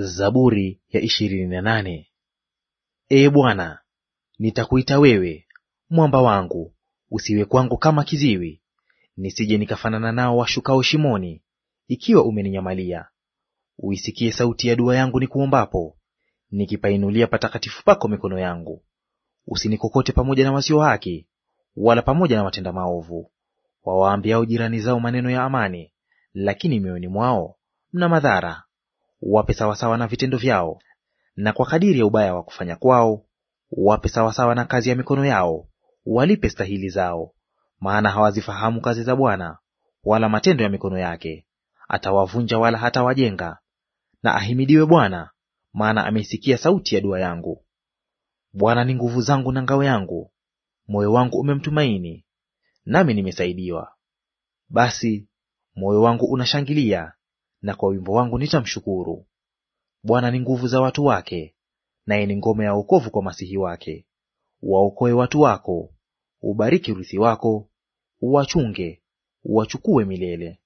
Zaburi ya ishirini na nane. Ee Bwana, nitakuita wewe, mwamba wangu; usiwe kwangu kama kiziwi, nisije nikafanana nao washukao shimoni, ikiwa umeninyamalia. Uisikie sauti ya dua yangu nikuombapo, nikipainulia patakatifu pako mikono yangu. Usinikokote pamoja na wasio haki, wala pamoja na watenda maovu, wawaambiao jirani zao maneno ya amani, lakini mioyoni mwao mna madhara wape sawasawa na vitendo vyao, na kwa kadiri ya ubaya wa kufanya kwao wape sawasawa na kazi ya mikono yao, walipe stahili zao. Maana hawazifahamu kazi za Bwana, wala matendo ya mikono yake. Atawavunja wala hatawajenga. Na ahimidiwe Bwana, maana ameisikia sauti ya dua yangu. Bwana ni nguvu zangu na ngao yangu, moyo wangu umemtumaini, nami nimesaidiwa. Basi moyo wangu unashangilia, na kwa wimbo wangu nitamshukuru. Bwana ni nguvu za watu wake, naye ni ngome ya wokovu kwa masihi wake. Waokoe watu wako, ubariki urithi wako, uwachunge, uwachukue milele.